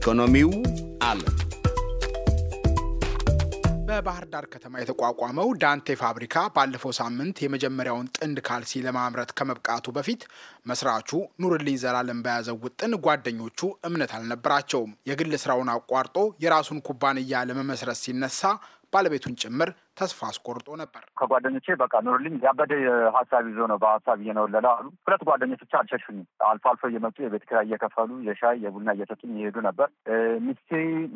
ኢኮኖሚው አለ። በባህር ዳር ከተማ የተቋቋመው ዳንቴ ፋብሪካ ባለፈው ሳምንት የመጀመሪያውን ጥንድ ካልሲ ለማምረት ከመብቃቱ በፊት መስራቹ ኑርልኝ ዘላለም በያዘው ውጥን ጓደኞቹ እምነት አልነበራቸውም። የግል ስራውን አቋርጦ የራሱን ኩባንያ ለመመስረት ሲነሳ ባለቤቱን ጭምር ተስፋ አስቆርጦ ነበር። ከጓደኞቼ በቃ ኑርልኝ ያበደ ሀሳብ ይዞ ነው በሀሳብ እየነወለለ አሉ። ሁለት ጓደኞች ብቻ አልሸሹኝ። አልፎ አልፎ እየመጡ የቤት ኪራይ እየከፈሉ የሻይ የቡና እየሰጡኝ ይሄዱ ነበር። ሚስቴ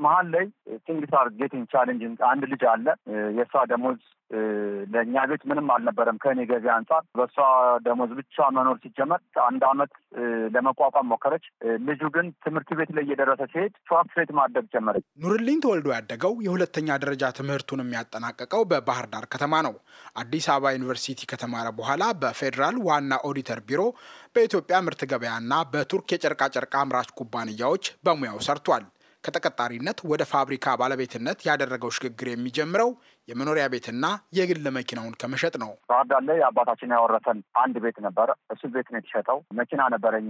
መሀል ላይ ቲንግስ አር ጌቲንግ ቻሌንጅ አንድ ልጅ አለ። የእሷ ደሞዝ ለእኛ ቤት ምንም አልነበረም ከእኔ ገቢ አንጻር። በእሷ ደሞዝ ብቻ መኖር ሲጀመር አንድ አመት ለመቋቋም ሞከረች። ልጁ ግን ትምህርት ቤት ላይ እየደረሰ ሲሄድ ፍራስትሬት ማደግ ጀመረች። ኑርልኝ ተወልዶ ያደገው የሁለተኛ ደረጃ ትምህርቱን የሚያጠናቀቀው በባህር ዳር ከተማ ነው። አዲስ አበባ ዩኒቨርሲቲ ከተማረ በኋላ በፌዴራል ዋና ኦዲተር ቢሮ በኢትዮጵያ ምርት ገበያና በቱርክ የጨርቃጨርቅ አምራች ኩባንያዎች በሙያው ሰርቷል። ከተቀጣሪነት ወደ ፋብሪካ ባለቤትነት ያደረገው ሽግግር የሚጀምረው የመኖሪያ ቤትና የግል መኪናውን ከመሸጥ ነው። ባህር ዳር ላይ አባታችን ያወረሰን አንድ ቤት ነበረ። እሱ ቤት ነው የተሸጠው። መኪና ነበረኝ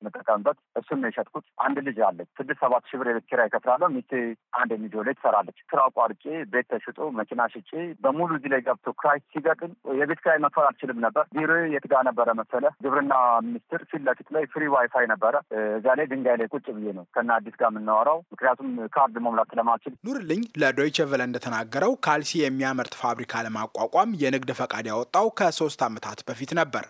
የምጠቀምበት፣ እሱን ነው የሸጥኩት። አንድ ልጅ አለች። ስድስት ሰባት ሺህ ብር የቤት ኪራይ እከፍላለሁ። ሚስቴ አንድ ሚጆ ላይ ትሰራለች። ስራ አቋርጬ ቤት ተሽጦ መኪና ሽጬ በሙሉ እዚህ ላይ ገብቶ ክራይ ሲገጥም የቤት ኪራይ መክፈል አልችልም ነበር። ቢሮ የትጋ ነበረ መሰለ ግብርና ሚኒስቴር ፊት ለፊት ላይ ፍሪ ዋይፋይ ነበረ። እዛ ላይ ድንጋይ ላይ ቁጭ ብዬ ነው ከና አዲስ ጋር የምናወራው፣ ምክንያቱም ካርድ መሙላት ስለማልችል። ኑርልኝ ለዶይቸ ቨለ እንደተናገረው ካልሲ የሚያመርት ፋብሪካ ለማቋቋም የንግድ ፈቃድ ያወጣው ከሶስት ዓመታት በፊት ነበር።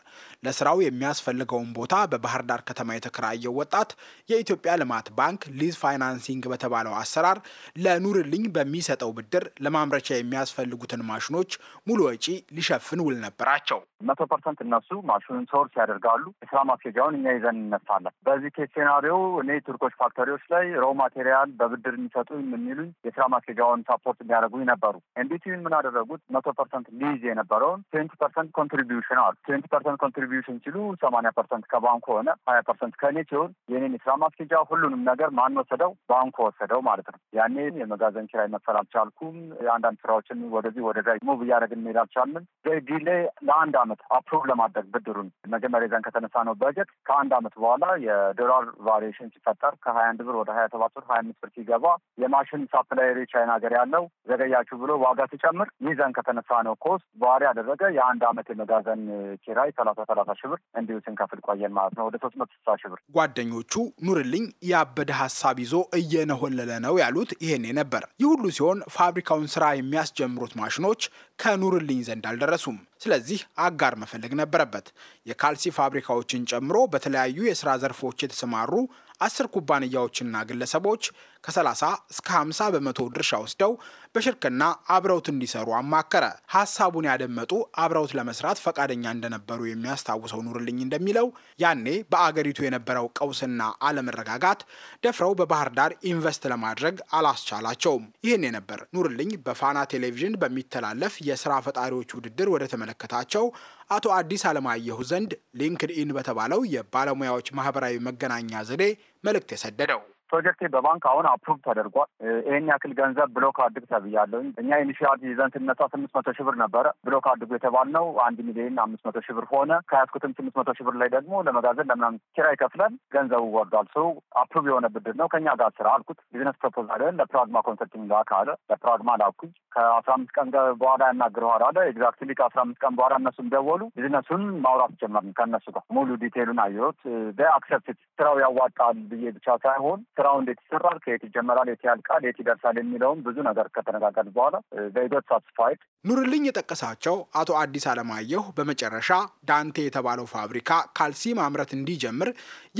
ለስራው የሚያስፈልገውን ቦታ በባህር ዳር ከተማ የተከራየው ወጣት የኢትዮጵያ ልማት ባንክ ሊዝ ፋይናንሲንግ በተባለው አሰራር ለኑርልኝ በሚሰጠው ብድር ለማምረቻ የሚያስፈልጉትን ማሽኖች ሙሉ ወጪ ሊሸፍን ውል ነበራቸው። መቶ ፐርሰንት እነሱ ማሽኑን ሶርስ ያደርጋሉ። የስራ ማስኬጃውን እኛ ይዘን እንነሳለን። በዚህ ኬስ ሴናሪዮ እኔ ቱርኮች ፋክተሪዎች ላይ ሮው ማቴሪያል በብድር የሚሰጡ የሚሉኝ የስራ ማስኬጃውን ሳፖርት የሚያደርጉኝ ነበሩ። ኤንቢቲቪን ምን አደረጉት? መቶ ፐርሰንት ሊይዝ የነበረውን ትዌንቲ ፐርሰንት ኮንትሪቢሽን አሉ። ትዌንቲ ፐርሰንት ኮንትሪቢሽን ሲሉ ሰማኒያ ፐርሰንት ከባንኩ ሆነ፣ ሀያ ፐርሰንት ከእኔ ሲሆን የኔን የስራ ማስኬጃ ሁሉንም ነገር ማን ወሰደው? ባንኩ ወሰደው ማለት ነው። ያኔ የመጋዘን ኪራይ መክፈል አልቻልኩም። የአንዳንድ ስራዎችን ወደዚህ ወደዛ ሙቭ እያደረግን መሄድ አልቻልንም። ዲሌ ለአንድ አመት አፕሩቭ ለማድረግ ብድሩን መጀመሪያ ይዘን ከተነሳ ነው በጀት ከአንድ አመት በኋላ የዶላር ቫሪዬሽን ሲፈጠር ከሀያ አንድ ብር ወደ ሀያ ሰባት ብር ሀያ አምስት ብር ሲገባ የማሽን ሳፕላየር ቻይና ሀገር ያለው ዘገያችሁ ብሎ ዶላሩ ዋጋ ሲጨምር ሚዛን ከተነሳ ነው ኮስት በዋሪ ያደረገ የአንድ አመት የመጋዘን ኪራይ ሰላሳ ሰላሳ ሺህ ብር እንዲሁ ስንከፍል ቆየን ማለት ነው ወደ ሶስት መቶ ስልሳ ሺህ ብር። ጓደኞቹ ኑርልኝ ያበደ ሀሳብ ይዞ እየነሆለለ ነው ያሉት ይሄኔ ነበር። ይህ ሁሉ ሲሆን ፋብሪካውን ስራ የሚያስጀምሩት ማሽኖች ከኑርልኝ ዘንድ አልደረሱም። ስለዚህ አጋር መፈለግ ነበረበት። የካልሲ ፋብሪካዎችን ጨምሮ በተለያዩ የስራ ዘርፎች የተሰማሩ አስር ኩባንያዎችና ግለሰቦች ከ30 እስከ 50 በመቶ ድርሻ ወስደው በሽርክና አብረውት እንዲሰሩ አማከረ። ሀሳቡን ያደመጡ አብረውት ለመስራት ፈቃደኛ እንደነበሩ የሚያስታውሰው ኑርልኝ እንደሚለው ያኔ በአገሪቱ የነበረው ቀውስና አለመረጋጋት ደፍረው በባህር ዳር ኢንቨስት ለማድረግ አላስቻላቸውም። ይህኔ ነበር ኑርልኝ በፋና ቴሌቪዥን በሚተላለፍ የስራ ፈጣሪዎች ውድድር ወደ ተመለ ባመለከታቸው አቶ አዲስ አለማየሁ ዘንድ ሊንክድኢን በተባለው የባለሙያዎች ማህበራዊ መገናኛ ዘዴ መልእክት የሰደደው ፕሮጀክቴ በባንክ አሁን አፕሩቭ ተደርጓል። ይህን ያክል ገንዘብ ብሎክ አድርግ ተብያለሁኝ። እኛ ኢኒሺያል ይዘን ስነሳ ስምንት መቶ ሺህ ብር ነበረ ብሎክ አድርጉ የተባልነው አንድ ሚሊዮን አምስት መቶ ሺህ ብር ሆነ። ከያዝኩትም ስምንት መቶ ሺህ ብር ላይ ደግሞ ለመጋዘን ለምናም ኪራይ ከፍለን ገንዘቡ ወርዷል። ሰው አፕሩቭ የሆነ ብድር ነው ከኛ ጋር ስራ አልኩት። ቢዝነስ ፕሮፖዛልን ለፕራግማ ኮንሰልቲንግ ላክ አለ። ለፕራግማ ላኩኝ። ከአስራ አምስት ቀን በኋላ ያናግረዋል አለ። ኤግዛክትሊ ከአስራ አምስት ቀን በኋላ እነሱም ደወሉ። ቢዝነሱን ማውራት ጀመርን ከእነሱ ጋር ሙሉ ዲቴሉን አየሁት። አክሰፕት ስራው ያዋጣል ብዬ ብቻ ሳይሆን ስራው እንዴት ይሰራል፣ ከየት ይጀመራል፣ የት ያልቃል፣ የት ይደርሳል የሚለውም ብዙ ነገር ከተነጋገር በኋላ ዘይዶት ሳትስፋይድ ኑርልኝ የጠቀሳቸው አቶ አዲስ አለማየሁ በመጨረሻ ዳንቴ የተባለው ፋብሪካ ካልሲ ማምረት እንዲጀምር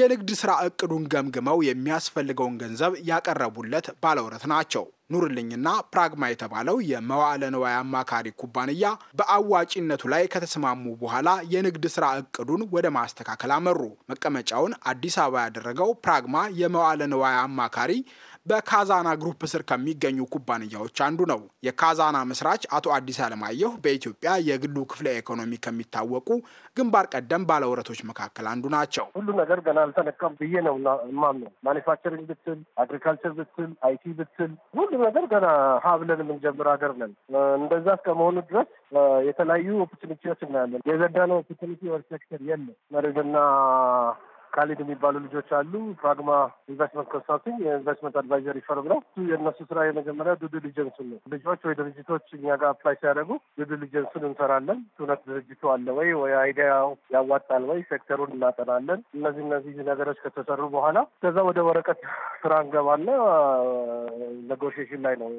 የንግድ ስራ እቅዱን ገምግመው የሚያስፈልገውን ገንዘብ ያቀረቡለት ባለውረት ናቸው። ኑርልኝና ፕራግማ የተባለው የመዋዕለ ንዋይ አማካሪ ኩባንያ በአዋጪነቱ ላይ ከተስማሙ በኋላ የንግድ ስራ እቅዱን ወደ ማስተካከል አመሩ። መቀመጫውን አዲስ አበባ ያደረገው ፕራግማ የመዋዕለ ንዋይ አማካሪ በካዛና ግሩፕ ስር ከሚገኙ ኩባንያዎች አንዱ ነው። የካዛና መስራች አቶ አዲስ አለማየሁ በኢትዮጵያ የግሉ ክፍለ ኢኮኖሚ ከሚታወቁ ግንባር ቀደም ባለውረቶች መካከል አንዱ ናቸው። ሁሉ ነገር ገና አልተነካም ብዬ ነው ማምነው። ማኒፋክቸሪንግ ብትል፣ አግሪካልቸር ብትል፣ አይቲ ብትል፣ ሁሉ ነገር ገና ሀብለን የምንጀምር ሀገር ነን። እንደዛ እስከመሆኑ ድረስ የተለያዩ ኦፖርቹኒቲዎች እናያለን። የዘጋነው ኦፖርቹኒቲ ወር ሴክተር የለም መሬትና ካሊድ የሚባሉ ልጆች አሉ። ፕራግማ ኢንቨስትመንት ኮንሳልቲንግ የኢንቨስትመንት አድቫይዘሪ ፈርም ነው። የእነሱ ስራ የመጀመሪያ ዱ ዲሊጀንሱን ነው። ልጆች ወይ ድርጅቶች እኛ ጋር አፕላይ ሲያደርጉ ዱ ዲሊጀንሱን እንሰራለን። እውነት ድርጅቱ አለ ወይ ወይ አይዲያው ያዋጣል ወይ ሴክተሩን እናጠናለን። እነዚህ እነዚህ ነገሮች ከተሰሩ በኋላ ከዛ ወደ ወረቀት ስራ እንገባና ኔጎሽሽን ላይ ነው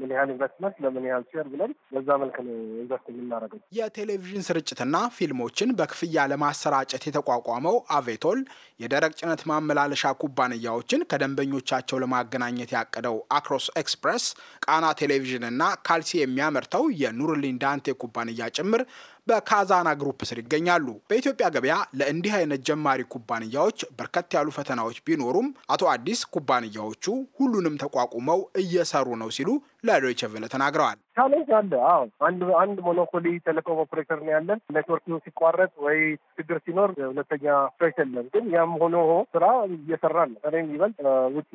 ምን ያህል ኢንቨስትመንት ለምን ያህል ሼር ብለን በዛ መልክ ነው ኢንቨስት የምናደርገው። የቴሌቪዥን ስርጭትና ፊልሞችን በክፍያ ለማሰራጨት የተቋቋመው አቬቶል የደረቅ ጭነት ማመላለሻ ኩባንያዎችን ከደንበኞቻቸው ለማገናኘት ያቀደው አክሮስ ኤክስፕሬስ ቃና ቴሌቪዥንና ካልሲ የሚያመርተው የኑርሊን ዳንቴ ኩባንያ ጭምር በካዛና ግሩፕ ስር ይገኛሉ። በኢትዮጵያ ገበያ ለእንዲህ አይነት ጀማሪ ኩባንያዎች በርከት ያሉ ፈተናዎች ቢኖሩም አቶ አዲስ ኩባንያዎቹ ሁሉንም ተቋቁመው እየሰሩ ነው ሲሉ ለዶይቼ ቬለ ተናግረዋል። ቻሌንጅ አለ። አዎ አንድ አንድ ሞኖፖሊ ቴሌኮም ኦፕሬተር ነው ያለን። ኔትወርክ ሲቋረጥ ወይ ችግር ሲኖር ሁለተኛ ፍሬሽ የለም። ግን ያም ሆኖ ስራ እየሰራ ነው። እኔም ይበልጥ ውጪ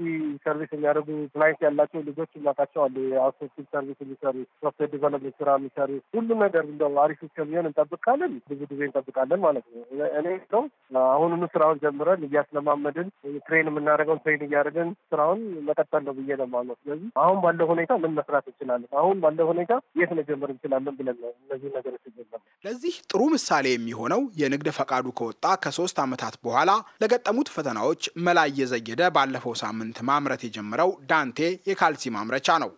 ሰርቪስ የሚያደርጉ ክላይንት ያላቸው ልጆች እናታቸው አሉ። የአውትሶርሲንግ ሰርቪስ የሚሰሩ ሶፍትዌር ዲቨሎፕመንት ስራ የሚሰሩ ሁሉ ነገር እንደ አሪፍ ጊዜውን እንጠብቃለን፣ ብዙ ጊዜ እንጠብቃለን ማለት ነው። እኔ ሰው አሁኑኑ ስራውን ጀምረን እያስለማመድን ትሬን የምናደርገውን ትሬን እያደረግን ስራውን መቀጠል ነው ብዬ ነው ስለዚህ አሁን ባለው ሁኔታ ምን መስራት እንችላለን፣ አሁን ባለው ሁኔታ የት መጀመር እንችላለን ብለን ነው እነዚህ ነገሮች ይጀመር። ለዚህ ጥሩ ምሳሌ የሚሆነው የንግድ ፈቃዱ ከወጣ ከሶስት አመታት በኋላ ለገጠሙት ፈተናዎች መላ እየዘየደ ባለፈው ሳምንት ማምረት የጀመረው ዳንቴ የካልሲ ማምረቻ ነው።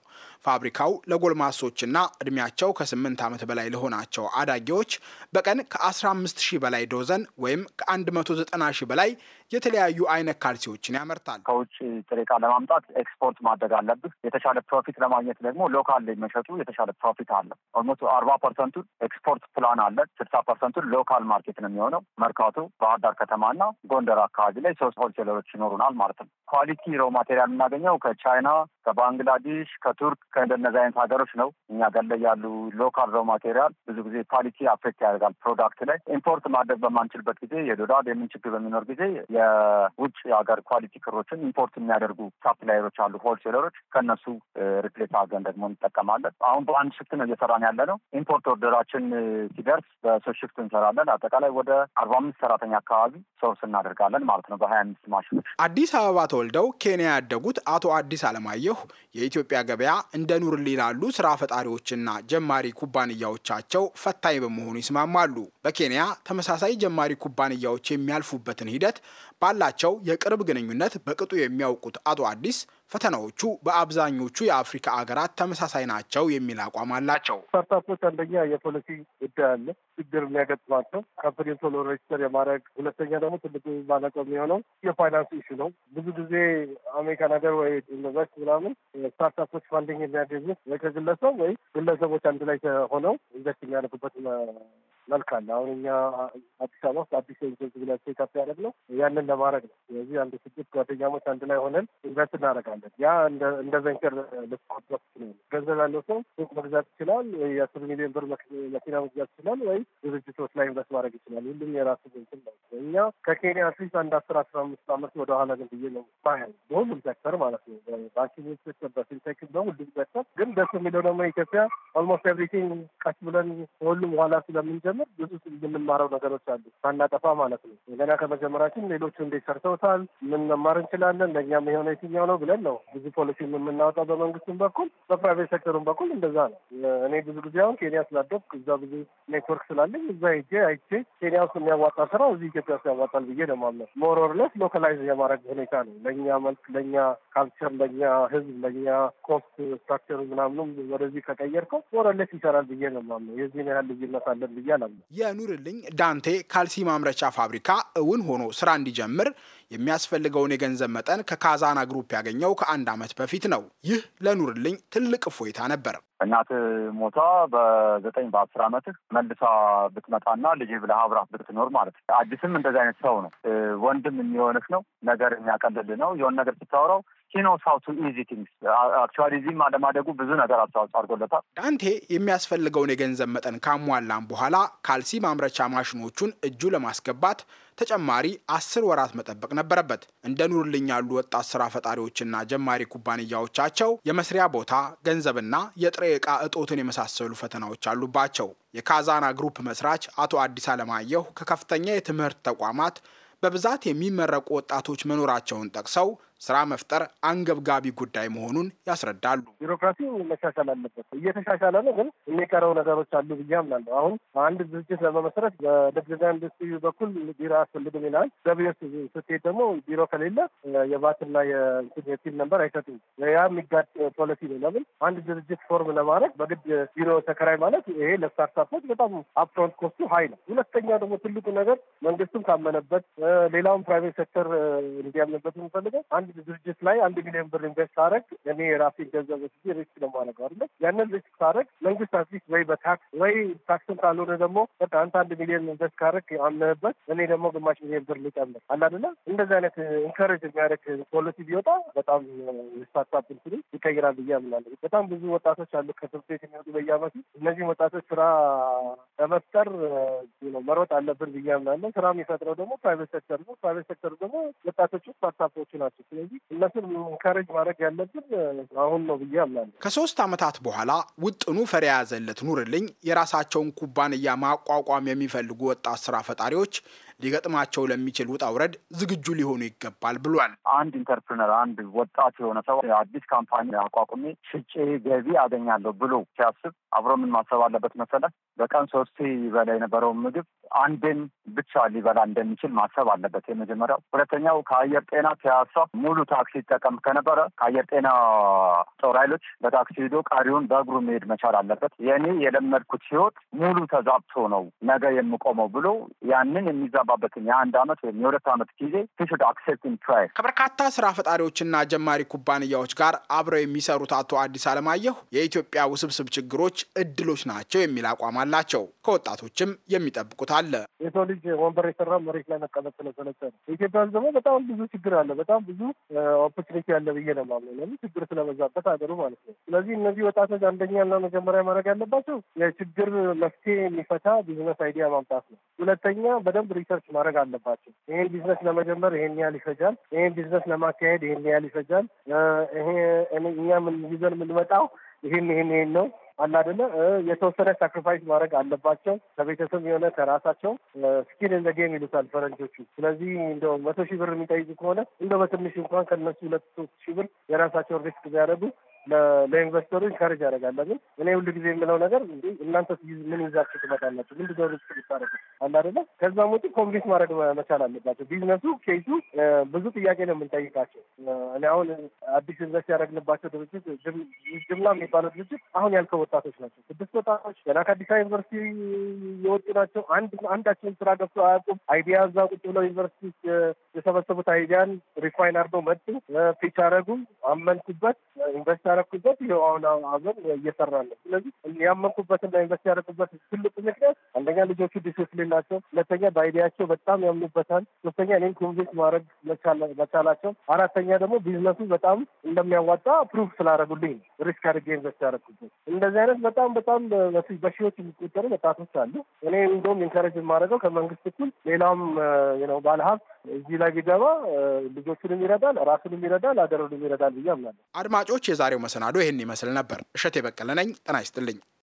ፋብሪካው ለጎልማሶችና እድሜያቸው ከ8 ዓመት በላይ ለሆናቸው አዳጊዎች በቀን ከ15 ሺህ በላይ ዶዘን ወይም ከ190 በላይ የተለያዩ አይነት ካልሲዎችን ያመርታል። ከውጭ ጥሬ ዕቃ ለማምጣት ኤክስፖርት ማድረግ አለብህ። የተሻለ ፕሮፊት ለማግኘት ደግሞ ሎካል ላይ መሸጡ የተሻለ ፕሮፊት አለ። ኦልሞስት አርባ ፐርሰንቱ ኤክስፖርት ፕላን አለ። ስልሳ ፐርሰንቱ ሎካል ማርኬት ነው የሚሆነው። መርካቶ፣ ባህር ዳር ከተማና ጎንደር አካባቢ ላይ ሶስት ሆልሴለሮች ይኖሩናል ማለት ነው። ኳሊቲ ሮ ማቴሪያል የምናገኘው ከቻይና፣ ከባንግላዴሽ፣ ከቱርክ ከእንደነዚህ አይነት ሀገሮች ነው። እኛ ገለ ያሉ ሎካል ሮ ማቴሪያል ብዙ ጊዜ ኳሊቲ አፌክት ያደርጋል ፕሮዳክት ላይ። ኢምፖርት ማድረግ በማንችልበት ጊዜ የዶላር የምን ችግር በሚኖር ጊዜ የውጭ ሀገር ኳሊቲ ክሮችን ኢምፖርት የሚያደርጉ ሳፕላየሮች አሉ፣ ሆልሴለሮች ከእነሱ ሪፕሌስ አገን ደግሞ እንጠቀማለን። አሁን በአንድ ሽፍት ነው እየሰራን ያለ ነው። ኢምፖርት ኦርደራችን ሲደርስ በሶስት ሽፍት እንሰራለን። አጠቃላይ ወደ አርባ አምስት ሰራተኛ አካባቢ ሶርስ እናደርጋለን ማለት ነው በሀያ አምስት ማሽኖች። አዲስ አበባ ተወልደው ኬንያ ያደጉት አቶ አዲስ አለማየሁ የኢትዮጵያ ገበያ እንደ ኑር ሊላሉ ስራ ፈጣሪዎችና ጀማሪ ኩባንያዎቻቸው ፈታኝ በመሆኑ ይስማማሉ። በኬንያ ተመሳሳይ ጀማሪ ኩባንያዎች የሚያልፉበትን ሂደት ባላቸው የቅርብ ግንኙነት በቅጡ የሚያውቁት አቶ አዲስ ፈተናዎቹ በአብዛኞቹ የአፍሪካ ሀገራት ተመሳሳይ ናቸው የሚል አቋም አላቸው። ስታርታፖች አንደኛ የፖሊሲ ጉዳይ አለ ችግር የሚያገጥማቸው ካምፓኒን ቶሎ ሬጅስተር የማድረግ ሁለተኛ ደግሞ ትልቁ ማነቀው የሚሆነው የፋይናንስ ኢሹ ነው። ብዙ ጊዜ አሜሪካን ሀገር ወይ ዩኒቨርስቲ ምናምን ስታርታፖች ፋንዲንግ የሚያገኙት ወይ ከግለሰብ ወይ ግለሰቦች አንድ ላይ ሆነው ኢንቨስት የሚያደርጉበት መልክ አለ። አሁን እኛ አዲስ አበባ ውስጥ አዲስ ኢንቨስት ብላ ኢትዮጵያ ያደግ ነው ያንን ለማድረግ ነው። ስለዚህ አንድ ስድስት ጓደኛሞች አንድ ላይ ሆነን ኢንቨስት እናደርጋለን። ያ እንደ ቨንቸር ልትቆጠር ነው። ገንዘብ ያለው ሰው ሱቅ መግዛት ይችላል፣ የአስር ሚሊዮን ብር መኪና መግዛት ይችላል፣ ወይ ድርጅቶች ላይ ኢንቨስት ማድረግ ይችላል። ሁሉም የራሱ ገንዘብ ነው። እኛ ከኬንያ አትሊስት አንድ አስር አስራ አምስት ዓመት ወደኋላ ግን ብዬ ነው ባያል በሁሉም ሴክተር ማለት ነው ባንኪንግ ሴክተር፣ በፊንቴክ በሁሉም ሴክተር ግን ደስ የሚለው ደግሞ ኢትዮጵያ ኦልሞስት ኤቭሪቲንግ ቀስ ብለን ሁሉም ኋላ ስለምንጀምር ስንጀምር ብዙ የምንማረው ነገሮች አሉ፣ ሳናጠፋ ማለት ነው። ገና ከመጀመራችን ሌሎቹ እንዴት ሰርተውታል፣ ምን መማር እንችላለን፣ ለእኛም የሆነ የትኛው ነው ብለን ነው ብዙ ፖሊሲ የምናወጣው በመንግስቱም በኩል በፕራይቬት ሴክተሩም በኩል እንደዛ ነው። እኔ ብዙ ጊዜ አሁን ኬንያ ስላደኩ እዛ ብዙ ኔትወርክ ስላለኝ እዛ ሄጄ አይቼ ኬንያ ውስጥ የሚያዋጣ ስራ እዚህ ኢትዮጵያ ውስጥ ያዋጣል ብዬ ነው የማምነው። ሞር ኦር ሌስ ሎካላይዝ የማድረግ ሁኔታ ነው። ለእኛ መልክ፣ ለእኛ ካልቸር፣ ለእኛ ህዝብ፣ ለእኛ ኮስት ስትራክቸር ምናምኑም ወደዚህ ከቀየርከው ሞር ኦር ሌስ ይሰራል ብዬ ነው የማምነው። የዚህን ያህል ልዩነት አለን ብዬ ማለት የኑርልኝ ዳንቴ ካልሲ ማምረቻ ፋብሪካ እውን ሆኖ ስራ እንዲጀምር የሚያስፈልገውን የገንዘብ መጠን ከካዛና ግሩፕ ያገኘው ከአንድ ዓመት በፊት ነው። ይህ ለኑርልኝ ትልቅ እፎይታ ነበር። እናት ሞታ በዘጠኝ በአስር ዓመትህ መልሳ ብትመጣና ልጅ ብለህ ብትኖር ማለት ነው። አዲስም እንደዚህ አይነት ሰው ነው። ወንድም የሚሆንህ ነው፣ ነገር የሚያቀልልህ ነው። የሆን ነገር ስታወራው ሂ ኖውስ ሀው ቱ ኢዚ ቲንግስ አለማደጉ ብዙ ነገር አስተዋጽኦ አድርጎለታል። ዳንቴ የሚያስፈልገውን የገንዘብ መጠን ካሟላም በኋላ ካልሲ ማምረቻ ማሽኖቹን እጁ ለማስገባት ተጨማሪ አስር ወራት መጠበቅ ነበረበት። እንደ ኑርልኝ ያሉ ወጣት ስራ ፈጣሪዎችና ጀማሪ ኩባንያዎቻቸው የመስሪያ ቦታ፣ ገንዘብና የጥሬ ዕቃ እጦትን የመሳሰሉ ፈተናዎች አሉባቸው። የካዛና ግሩፕ መስራች አቶ አዲስ አለማየሁ ከከፍተኛ የትምህርት ተቋማት በብዛት የሚመረቁ ወጣቶች መኖራቸውን ጠቅሰው ስራ መፍጠር አንገብጋቢ ጉዳይ መሆኑን ያስረዳሉ። ቢሮክራሲ መሻሻል አለበት። እየተሻሻለ ነው፣ ግን የሚቀረው ነገሮች አሉ ብዬ አምናለሁ። አሁን አንድ ድርጅት ለመመስረት በደብዛ ኢንዱስትሪ በኩል ቢሮ አያስፈልግም ይላል። ገቢዎች ስትሄድ ደግሞ ቢሮ ከሌለ የቫትና የሲል ነበር አይሰጡም። ያ የሚጋድ ፖሊሲ ነው። ለምን አንድ ድርጅት ፎርም ለማድረግ በግድ ቢሮ ተከራይ ማለት ይሄ ለስታርታፖች በጣም አፕፍሮንት ኮስቱ ሀይ ነው። ሁለተኛ ደግሞ ትልቁ ነገር መንግስቱም ካመነበት፣ ሌላውን ፕራይቬት ሴክተር እንዲያምንበት የምፈልገው አንድ ድርጅት ላይ አንድ ሚሊዮን ብር ኢንቨስት ሳደርግ እኔ የራሴ ገንዘብ ስ ሪስክ ነው የማደርገው ያንን ሪስክ ሳደርግ መንግስት አትሊስት ወይ በታክስ ወይ ታክስን ካልሆነ ደግሞ በቃ አንተ አንድ ሚሊዮን ኢንቨስት ካደረግ አምነህበት እኔ ደግሞ ግማሽ ሚሊዮን ብር ልጨምር አላደለ እንደዚህ አይነት ኢንከሬጅ የሚያደርግ ፖሊሲ ቢወጣ በጣም ስታርታፕ እንትኑ ይቀይራል ብዬ አምናለሁ። በጣም ብዙ ወጣቶች አሉ ከትምህርት ቤት የሚወጡ በየአመቱ። እነዚህ ወጣቶች ስራ ለመፍጠር መሮጥ አለብን ብዬ አምናለሁ። ስራ የሚፈጥረው ደግሞ ፕራይቬት ሴክተር ነው። ፕራይቬት ሴክተር ደግሞ ወጣቶቹ ስታርታፖቹ ናቸው። ስለዚህ እነሱን ኢንካሬጅ ማድረግ ያለብን አሁን ነው ብዬ አምናለሁ። ከሶስት ዓመታት በኋላ ውጥኑ ፈር የያዘለት ኑርልኝ የራሳቸውን ኩባንያ ማቋቋም የሚፈልጉ ወጣት ስራ ፈጣሪዎች ሊገጥማቸው ለሚችል ውጣ ውረድ ዝግጁ ሊሆኑ ይገባል ብሏል። አንድ ኢንተርፕርነር አንድ ወጣት የሆነ ሰው አዲስ ካምፓኒ አቋቁሜ ሽጬ ገቢ አገኛለሁ ብሎ ሲያስብ አብሮ ምን ማሰብ አለበት መሰለ በቀን ሶስቴ ይበላ የነበረውን ምግብ አንድን ብቻ ሊበላ እንደሚችል ማሰብ አለበት። የመጀመሪያው። ሁለተኛው ከአየር ጤና ፒያሳ ሙሉ ታክሲ ይጠቀም ከነበረ ከአየር ጤና ጦር ኃይሎች በታክሲ ሂዶ ቀሪውን በእግሩ መሄድ መቻል አለበት። የእኔ የለመድኩት ህይወት ሙሉ ተዛብቶ ነው ነገ የምቆመው ብሎ ያንን የሚዛ የተግባባበትን የአንድ አመት ወይም የሁለት አመት ጊዜ ሽድ አክሴፕቲንግ ትራይ ከበርካታ ስራ ፈጣሪዎችና ጀማሪ ኩባንያዎች ጋር አብረው የሚሰሩት አቶ አዲስ አለማየሁ የኢትዮጵያ ውስብስብ ችግሮች እድሎች ናቸው የሚል አቋም አላቸው። ከወጣቶችም የሚጠብቁት አለ። የሰው ልጅ ወንበር የሰራ መሬት ላይ መቀመጥ ስለሰለቸ ነው። ኢትዮጵያ ህዝብ ደግሞ በጣም ብዙ ችግር አለ። በጣም ብዙ ኦፖርቹኒቲ ያለ ብዬ ነው ማለት ነው። ችግር ስለበዛበት ሀገሩ ማለት ነው። ስለዚህ እነዚህ ወጣቶች አንደኛና መጀመሪያ ማድረግ ያለባቸው የችግር መፍትሄ የሚፈታ ቢዝነስ አይዲያ ማምጣት ነው። ሁለተኛ በደንብ ሪሰ ሪሰርች ማድረግ አለባቸው። ይህን ቢዝነስ ለመጀመር ይሄን ያህል ይፈጃል፣ ይህን ቢዝነስ ለማካሄድ ይሄን ያህል ይፈጃል፣ ይሄ እኛ ይዘን የምንመጣው ይህን ይህን ይህን ነው አለ አይደለ? የተወሰነ ሳክሪፋይስ ማድረግ አለባቸው። ከቤተሰብ የሆነ ከራሳቸው ስኪል እንደ ጌም ይሉታል ፈረንጆቹ። ስለዚህ እንደ መቶ ሺህ ብር የሚጠይቁ ከሆነ እንደ በትንሽ እንኳን ከነሱ ሁለት ሶስት ሺህ ብር የራሳቸውን ሪስክ ቢያደርጉ ለኢንቨስተሮች ካሬጅ ያደርጋለሁ። ግን እኔ ሁሉ ጊዜ የምለው ነገር እናንተ ምን ይዛችሁ ትመጣላችሁ? ምን ነው ሪስክ ልታደርጉ አለ ከዛም ውጭ ኮምፕሊት ማድረግ መቻል አለባቸው። ቢዝነሱ ኬሱ ብዙ ጥያቄ ነው የምንጠይቃቸው። እኔ አሁን አዲስ ኢንቨስት ያደረግንባቸው ድርጅት ጅምላ የሚባለው ድርጅት አሁን ያልከው ወጣቶች ናቸው። ስድስት ወጣቶች ገና ከአዲስ አበባ ዩኒቨርሲቲ የወጡ ናቸው። አንድ ስራ ገብቶ አያውቁም። አይዲያ እዛ ቁጭ ብለው ዩኒቨርሲቲ የሰበሰቡት አይዲያን ሪፋይን አድርገው መጡ፣ ፒች አደረጉ፣ አመንኩበት ኢንቨስት ያረኩበት ይኸው አሁን አብረን እየሰራ ነው። ስለዚህ ያመንኩበትና ኢንቨስት ያደረኩበት ትልቁ ምክንያት አንደኛ ልጆቹ ዲስፕሊን ናቸው፣ ሁለተኛ በአይዲያቸው በጣም ያምኑበታል፣ ሶስተኛ እኔም ኮንቪንስ ማድረግ መቻላቸው፣ አራተኛ ደግሞ ቢዝነሱ በጣም እንደሚያዋጣ ፕሩፍ ስላደረጉልኝ ሪስክ አድርጌ ኢንቨስት ያደረኩበት። እንደዚህ አይነት በጣም በጣም በሺዎች የሚቆጠሩ ወጣቶች አሉ። እኔ እንደውም ኢንካሬጅ የማደርገው ከመንግስት እኩል ሌላውም ባለሀብት እዚህ ላይ ቢገባ ልጆቹንም ይረዳል፣ ራሱንም ይረዳል፣ አገሩንም ይረዳል ብዬ አምናለሁ። አድማጮች፣ የዛሬው መሰናዶ ይህን ይመስል ነበር። እሸት በቀለ ነኝ። ጤና ይስጥልኝ።